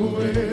away.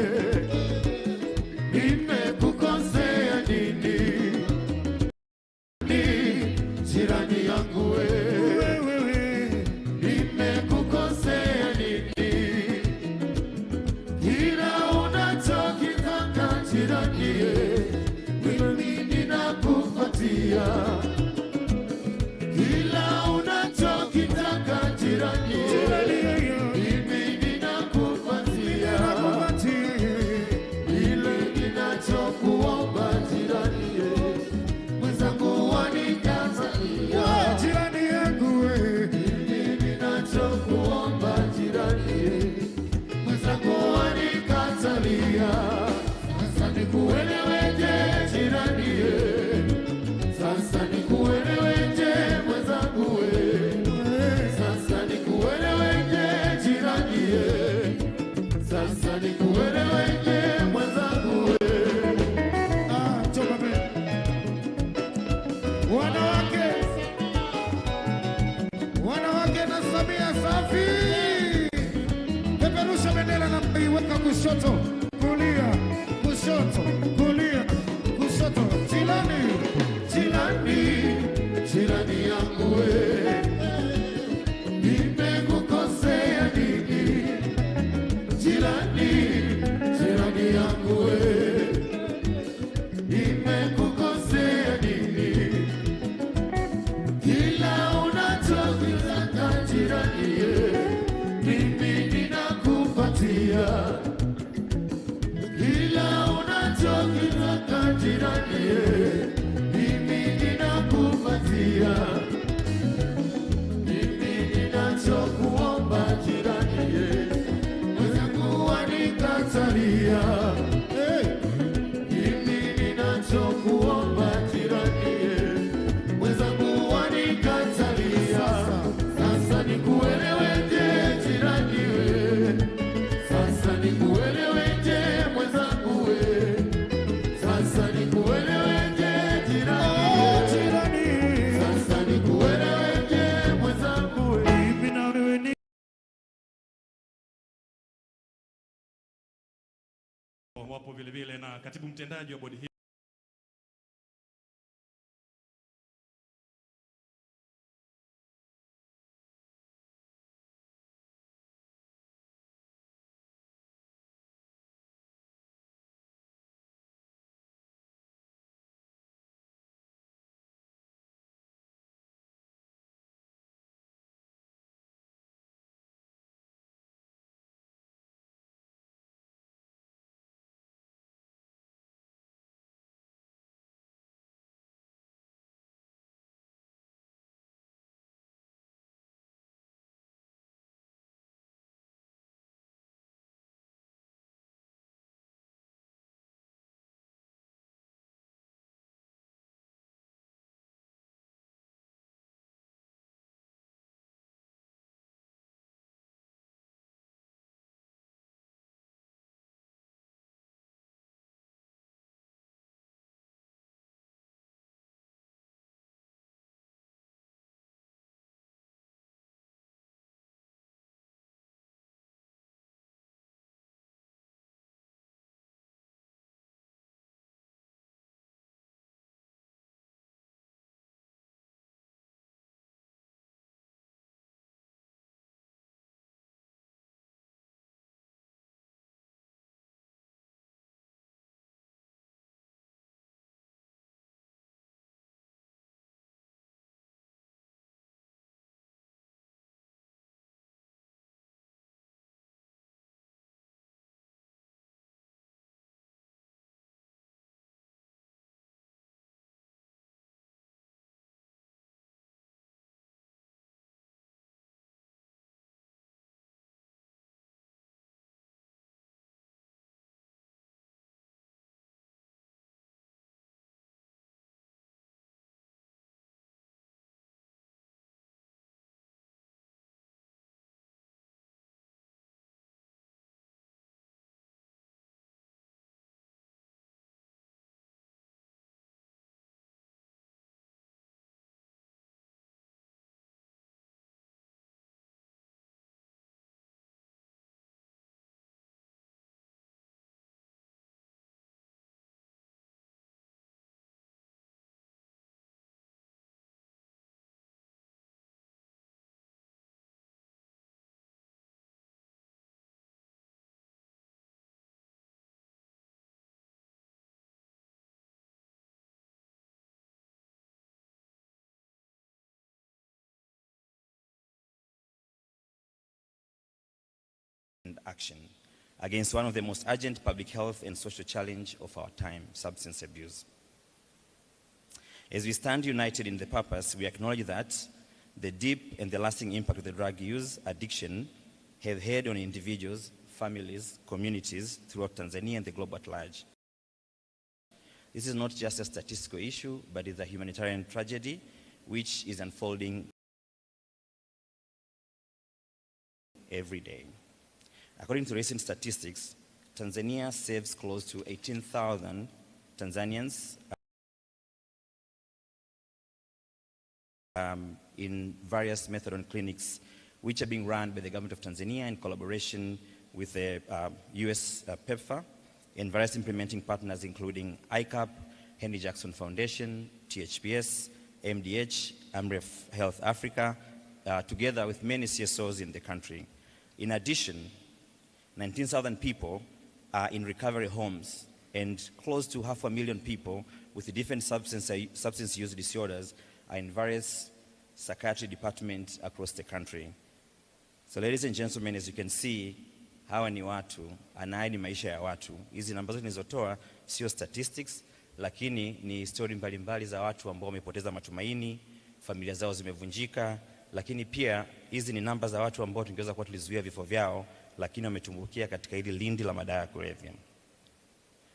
took one. wapo vilevile na katibu mtendaji wa bodi hii. action against one of the most urgent public health and social challenge of our time, substance abuse. As we stand united in the purpose, we acknowledge that the deep and the lasting impact of the drug use addiction have had on individuals, families, communities throughout Tanzania and the globe at large. This is not just a statistical issue, but is a humanitarian tragedy which is unfolding every day. According to recent statistics, Tanzania saves close to 18,000 Tanzanians um, in various methadone clinics, which are being run by the government of Tanzania in collaboration with the uh, US uh, PEPFAR and various implementing partners, including ICAP, Henry Jackson Foundation, THPS, MDH, AMREF Health Africa, uh, together with many CSOs in the country. In addition, 19,000 people are in recovery homes and close to half a million people with different substance, substance use disorders are in various psychiatry departments across the country. So ladies and gentlemen, as you can see, hawa ni watu, anaye ni maisha ya watu. Hizi namba zote sio statistics, lakini ni stori mbalimbali za watu ambao wamepoteza matumaini, familia zao zimevunjika, lakini pia hizi ni namba za watu ambao tungeweza kuwa tulizuia vifo vyao lakini wametumbukia katika hili lindi la madawa ya kulevya.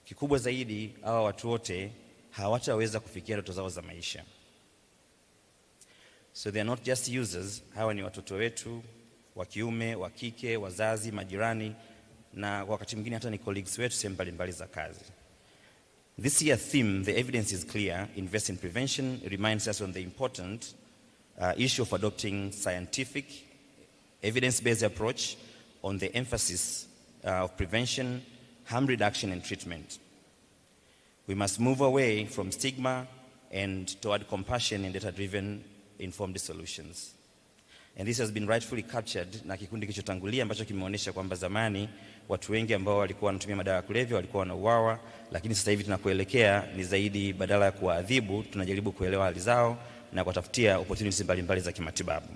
Kikubwa zaidi, hawa watu wote hawataweza kufikia ndoto zao za maisha. So they are not just users. Hawa ni watoto wetu wa kiume, wa kike, wazazi, majirani na wakati mwingine hata ni colleagues wetu sehemu mbalimbali za kazi. This year theme, the evidence is clear, invest in prevention reminds us on the important uh, issue of adopting scientific evidence-based approach on the emphasis uh, of prevention, harm reduction, and treatment. We must move away from stigma and toward compassion and data-driven informed solutions. And this has been rightfully captured na kikundi kilichotangulia ambacho kimeonyesha kwamba zamani watu wengi ambao walikuwa wanatumia madawa ya kulevya walikuwa wanauawa, lakini sasa hivi tunakuelekea ni zaidi, badala ya kuwaadhibu, tunajaribu kuelewa hali zao na kuwatafutia opportunities mbalimbali za kimatibabu.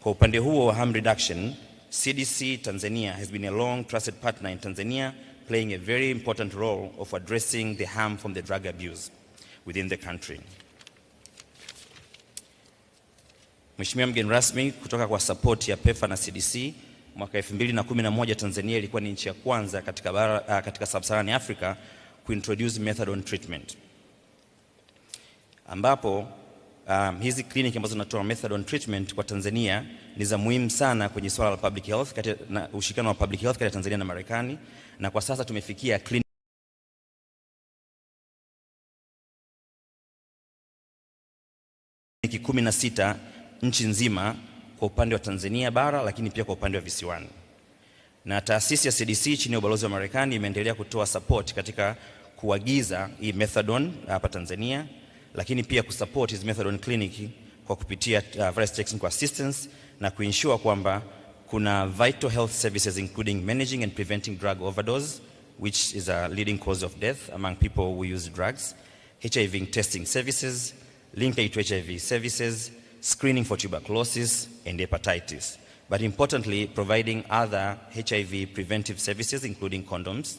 Kwa upande huo wa harm reduction CDC Tanzania has been a long trusted partner in Tanzania, playing a very important role of addressing the harm from the drug abuse within the country. Mheshimiwa mgeni rasmi, kutoka kwa support ya PEPFAR na CDC mwaka 2011 Tanzania ilikuwa ni nchi ya kwanza katika, bara, ah, katika sub-Saharan Africa kuintroduce methadone treatment ambapo um, hizi kliniki ambazo zinatoa methadone treatment kwa Tanzania ni za muhimu sana kwenye swala la public health kati na ushirikiano wa public health kati ya Tanzania na Marekani, na kwa sasa tumefikia clinic kumi na sita nchi nzima kwa upande wa Tanzania bara, lakini pia kwa upande wa visiwani. Na taasisi ya CDC chini ya ubalozi wa Marekani imeendelea kutoa support katika kuagiza hii methadone hapa Tanzania lakini pia kusupport method methadone clinic kwa kupitia uh, various technical assistance na kuinsure kwamba kuna vital health services including managing and preventing drug overdose which is a leading cause of death among people who use drugs, HIV testing services, linkage to HIV services, screening for tuberculosis and hepatitis, but importantly providing other HIV preventive services including condoms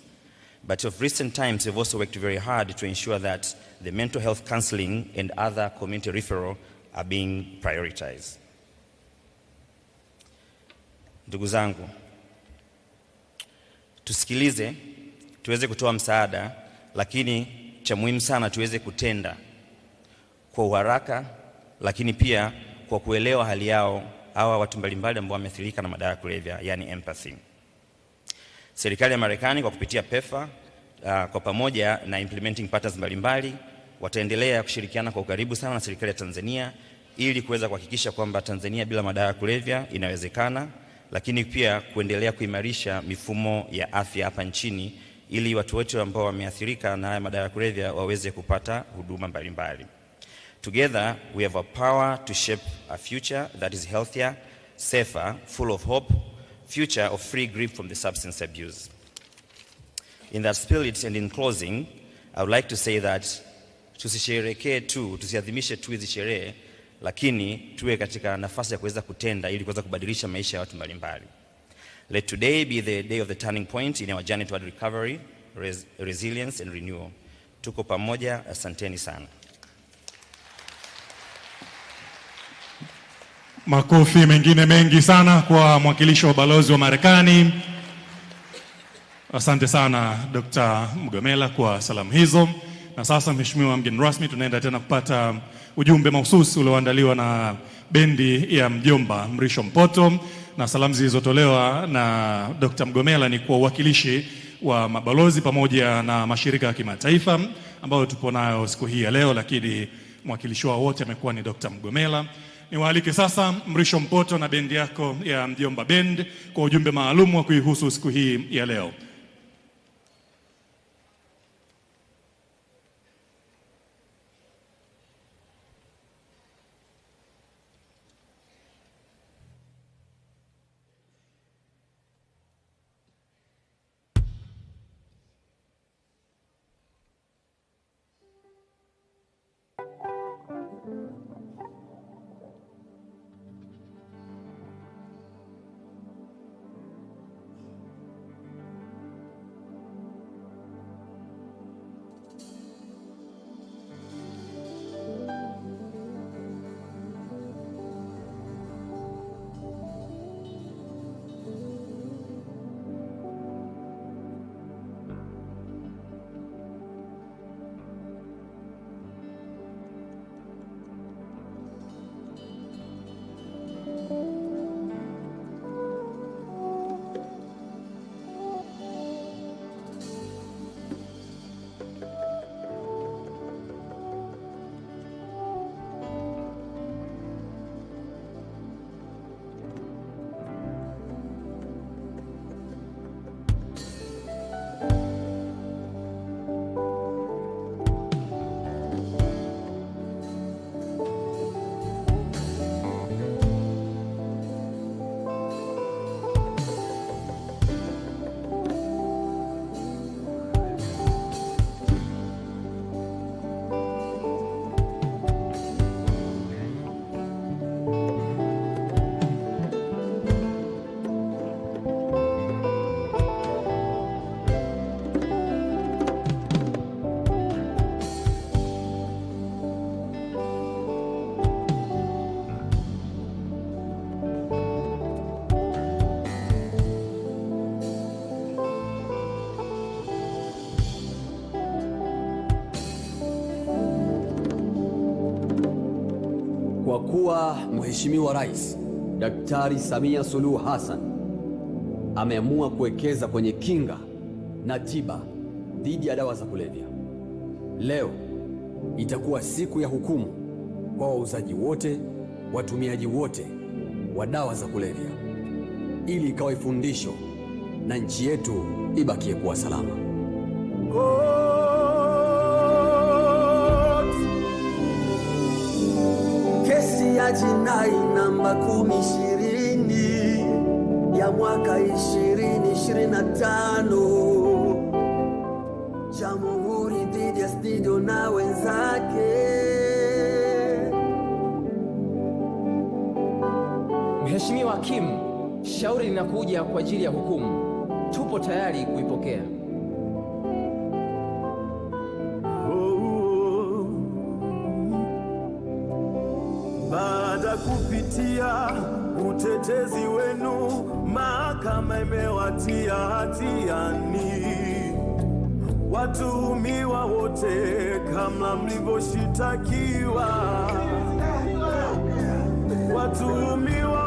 But of recent times, we've also worked very hard to ensure that the mental health counseling and other community referral are being prioritized. Ndugu zangu, tusikilize, tuweze kutoa msaada, lakini cha muhimu sana tuweze kutenda kwa uharaka, lakini pia kwa kuelewa hali yao hawa watu mbalimbali ambao wameathirika na madawa ya kulevya, yani empathy. Serikali ya Marekani kwa kupitia pefa uh, kwa pamoja na implementing partners mbalimbali wataendelea kushirikiana kwa ukaribu sana na serikali ya Tanzania ili kuweza kuhakikisha kwamba Tanzania bila madawa ya kulevya inawezekana, lakini pia kuendelea kuimarisha mifumo ya afya hapa nchini ili watu wote ambao wameathirika na haya madawa ya kulevya waweze kupata huduma mbalimbali. Together we have a power to shape a future that is healthier, safer, full of hope future of free grip from the substance abuse. In that spirit and in closing, I would like to say that tusisherekee tu, tusiadhimishe tu hizi sherehe, lakini tuwe katika nafasi ya kuweza kutenda ili kuweza kubadilisha maisha ya watu mbalimbali. Let today be the day of the turning point in our journey toward recovery, res resilience and renewal. Tuko pamoja, asanteni sana. Makofi mengine mengi sana kwa mwakilishi wa balozi wa Marekani. Asante sana Dr. Mgomela kwa salamu hizo. Na sasa, mheshimiwa mgeni rasmi, tunaenda tena kupata ujumbe mahususi ulioandaliwa na bendi ya mjomba Mrisho Mpoto, na salamu zilizotolewa na Dr. Mgomela ni kwa uwakilishi wa mabalozi pamoja na mashirika ya kimataifa ambayo tupo nayo siku hii ya leo, lakini mwakilishi wao wote amekuwa ni Dr. Mgomela niwaalike sasa Mrisho Mpoto na bendi yako ya Mjomba Bend kwa ujumbe maalum wa kuihusu siku hii ya leo. kuwa Mheshimiwa Rais Daktari Samia Suluhu Hassan ameamua kuwekeza kwenye kinga na tiba dhidi ya dawa za kulevya. Leo itakuwa siku ya hukumu kwa wauzaji wote, watumiaji wote wa dawa za kulevya, ili ikawe fundisho na nchi yetu ibakie kuwa salama. jinai namba kumi ishirini ya mwaka ishirini ishirini na tano jamhuri dhidi ya studio na wenzake. Mheshimiwa kim shauri linakuja kwa ajili ya hukumu, tupo tayari kuipokea. Bwana imewatia hatiani watuhumiwa wote kama mlivyoshitakiwa watuhumiwa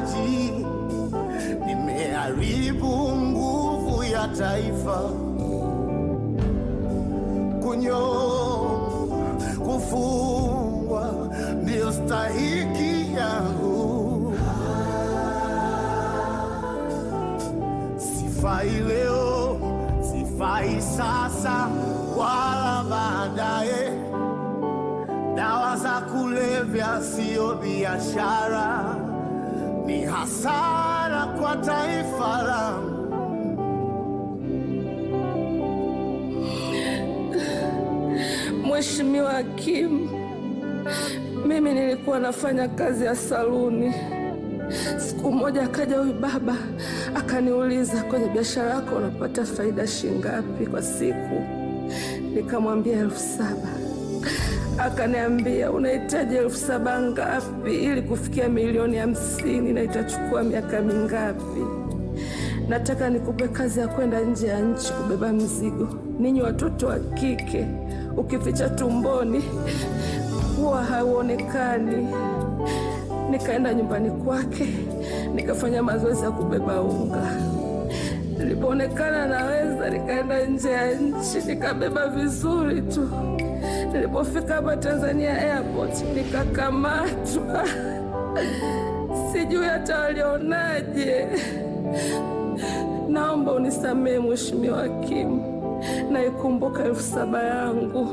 maji, nimeharibu nguvu ya taifa. Kunyongwa, kufungwa ndiyo stahiki yangu. Sifai leo, sifai sasa wala baadaye. Dawa za kulevya sio biashara hasara kwa taifa langu. Mheshimiwa Hakimu, mimi nilikuwa nafanya kazi ya saluni. Siku moja akaja huyu baba akaniuliza, kwenye biashara yako unapata faida shilingi ngapi kwa siku? Nikamwambia elfu saba akaniambia unahitaji elfu saba ngapi ili kufikia milioni hamsini na itachukua miaka mingapi? Nataka nikupe kazi ya kwenda nje ya nchi kubeba mzigo. Ninyi watoto wa kike, ukificha tumboni huwa hauonekani. Nikaenda nyumbani kwake nikafanya mazoezi ya kubeba unga Nilipoonekana naweza, nikaenda nje ya nchi nikabeba vizuri tu. Nilipofika hapa Tanzania Airport nikakamatwa, sijui hata walionaje. Naomba unisamehe Mheshimiwa Hakimu, naikumbuka elfu saba yangu.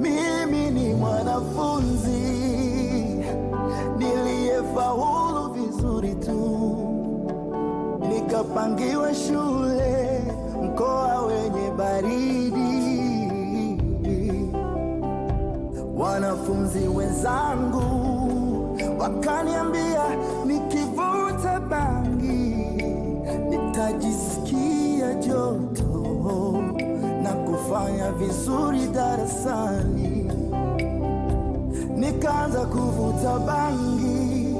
Mimi ni mwanafunzi niliyefaulu vizuri tu, nikapangiwa shule mkoa wenye baridi wanafunzi wenzangu wakaniambia nikivuta bangi nitajisikia joto na kufanya vizuri darasani. Nikaanza kuvuta bangi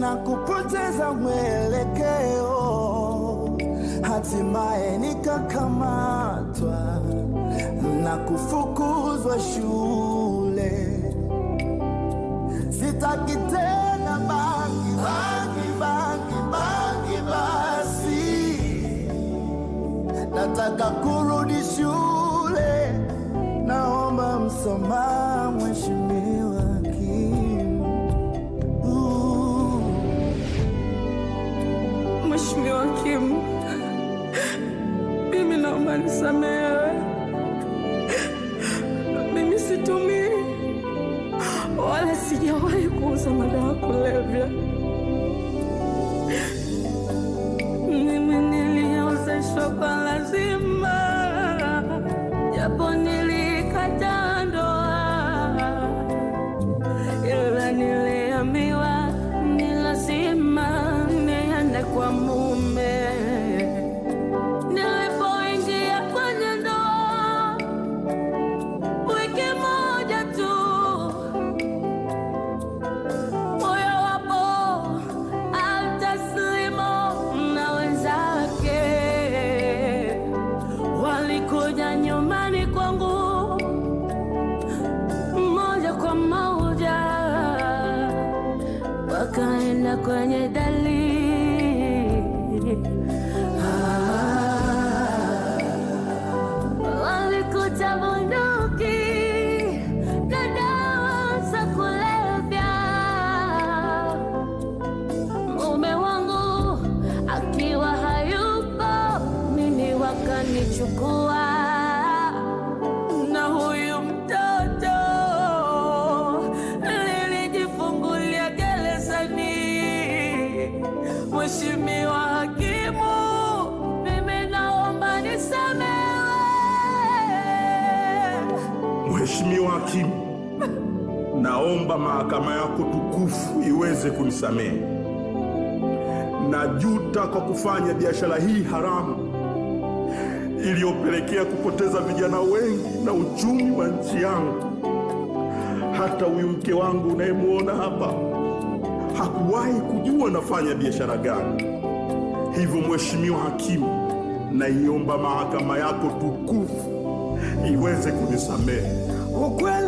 na kupoteza mwelekeo, hatimaye nikakamatwa na kufukuzwa shule sitaki tena bangi, bangi, bangi, bangi basi, nataka kurudi shule, naomba msamaha mheshimiwa hakimu. Mheshimiwa hakimu, mimi naomba nisamehe. kwangu moja kwa moja wakaenda kwenye dala naomba mahakama yako tukufu iweze kunisamehe. Najuta kwa kufanya biashara hii haramu iliyopelekea kupoteza vijana wengi na uchumi wa nchi yangu. Hata huyu mke wangu unayemwona hapa hakuwahi kujua nafanya biashara gani. Hivyo Mheshimiwa Hakimu, naiomba mahakama yako tukufu iweze kunisamehe ukweli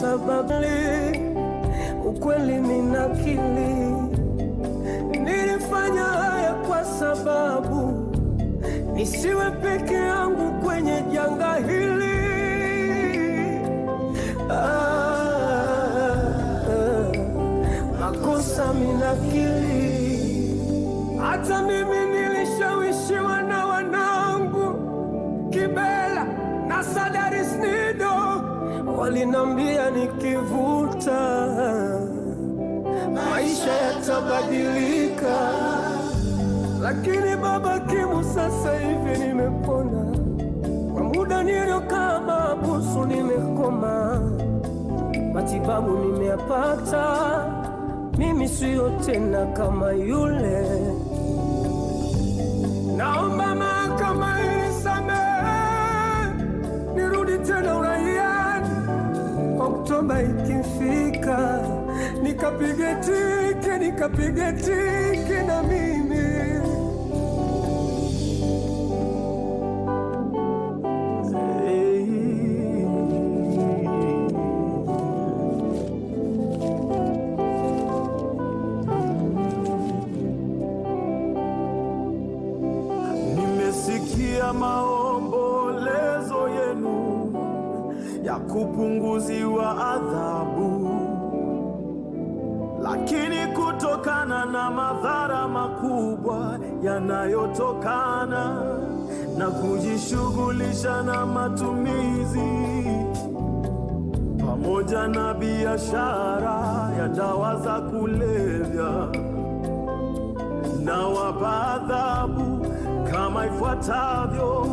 sababli ukweli minakili, nilifanya haya kwa sababu nisiwe peke yangu kwenye janga hili ah, makosa ah, ah, minakili. Hata mimi nilishawishiwa na wanangu Kibela na Sada walinambia nikivuta maisha yatabadilika, lakini baba Kimu, sasa hivi nimepona. Kwa muda niliokaa mahabusu nimekoma, matibabu nimeyapata, mimi siyo tena kama yule. Naomba mahakama inisamehe nirudi tena urai Oktoba ikifika, nikapige tiki, nikapige tiki na mimi nimesikia mao kupunguziwa adhabu, lakini kutokana na madhara makubwa yanayotokana na kujishughulisha na matumizi pamoja na biashara ya dawa za kulevya, na wapa adhabu kama ifuatavyo.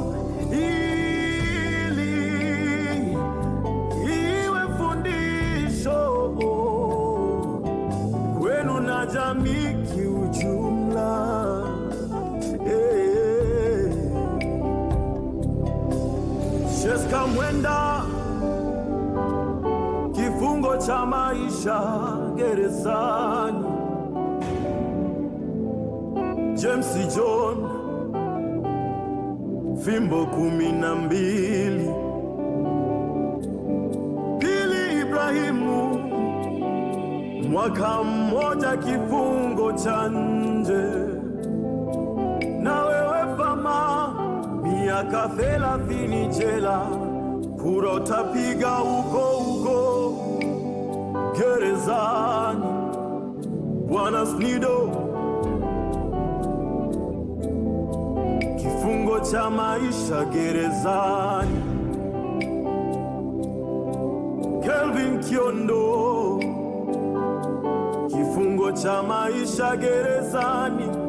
jamii kiujumla eh. hey. Mwenda, kifungo cha maisha gerezani. James John, fimbo kumi na mbili. mwaka mmoja kifungo cha nje, na wewe fama miaka thelathini jela, kurota piga uko uko gerezani. Bwana Snido, kifungo cha maisha gerezani. Kelvin Kiondo cha maisha gerezani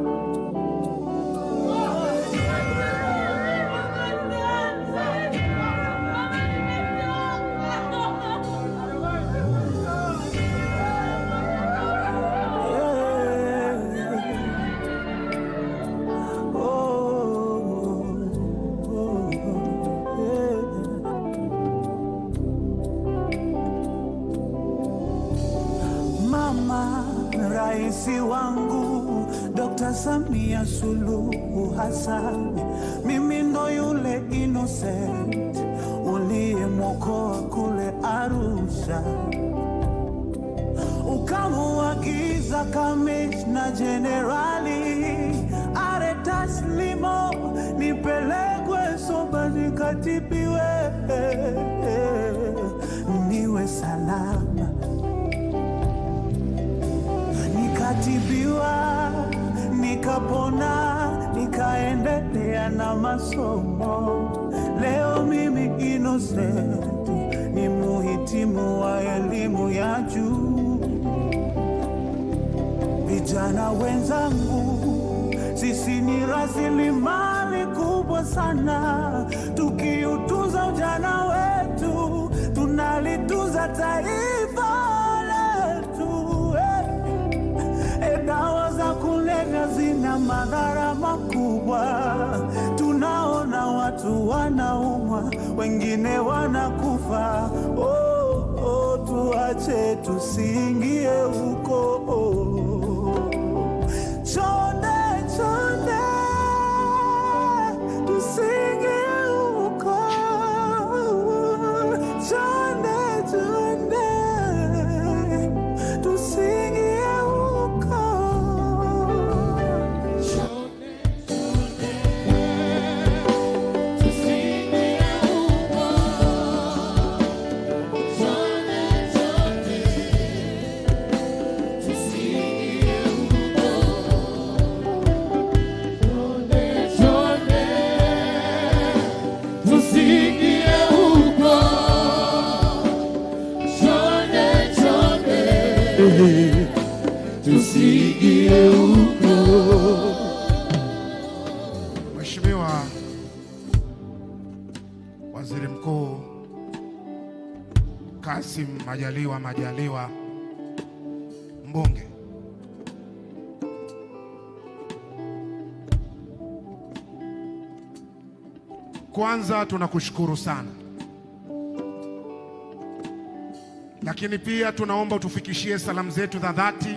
Samia Suluhu Hassan, mimi ndo yule innocent uliyemwokoa kule Arusha, ukamuagiza kamishna jenerali masomo. Leo mimi Innocent ni muhitimu wa elimu ya juu. Vijana wenzangu, sisi ni rasilimali kubwa sana. Tukiutunza ujana wetu, tunalitunza taifa letu. Eh, eh, dawa za kulevya zina madhara makubwa watu wanaumwa, wengine wanakufa. Oh, oh, tuache tusiingie huko oh. Kwanza tunakushukuru sana, lakini pia tunaomba utufikishie salamu zetu za dhati,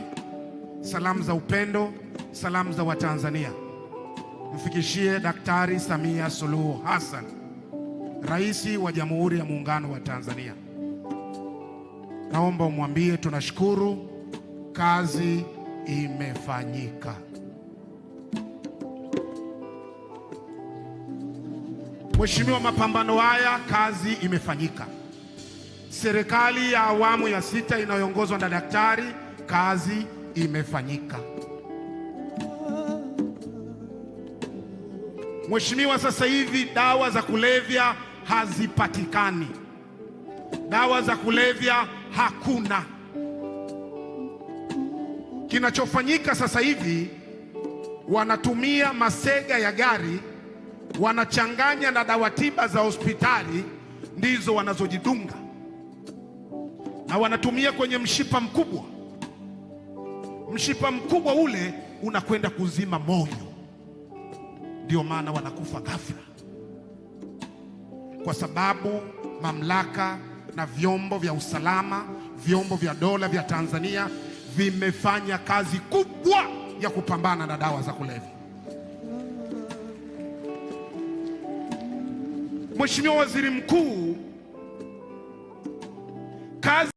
salamu za upendo, salamu za Watanzania. Mfikishie Daktari Samia Suluhu Hassan, Rais wa Jamhuri ya Muungano wa Tanzania. Naomba umwambie tunashukuru, kazi imefanyika. Mheshimiwa, mapambano haya kazi imefanyika. Serikali ya awamu ya sita inayoongozwa na daktari, kazi imefanyika. Mheshimiwa, sasa hivi dawa za kulevya hazipatikani. Dawa za kulevya hakuna. Kinachofanyika sasa hivi wanatumia masega ya gari wanachanganya na dawa tiba za hospitali ndizo wanazojidunga na wanatumia kwenye mshipa mkubwa. Mshipa mkubwa ule unakwenda kuzima moyo, ndio maana wanakufa ghafla, kwa sababu mamlaka na vyombo vya usalama, vyombo vya dola vya Tanzania vimefanya kazi kubwa ya kupambana na dawa za kulevya. Mheshimiwa Waziri Mkuu, kazi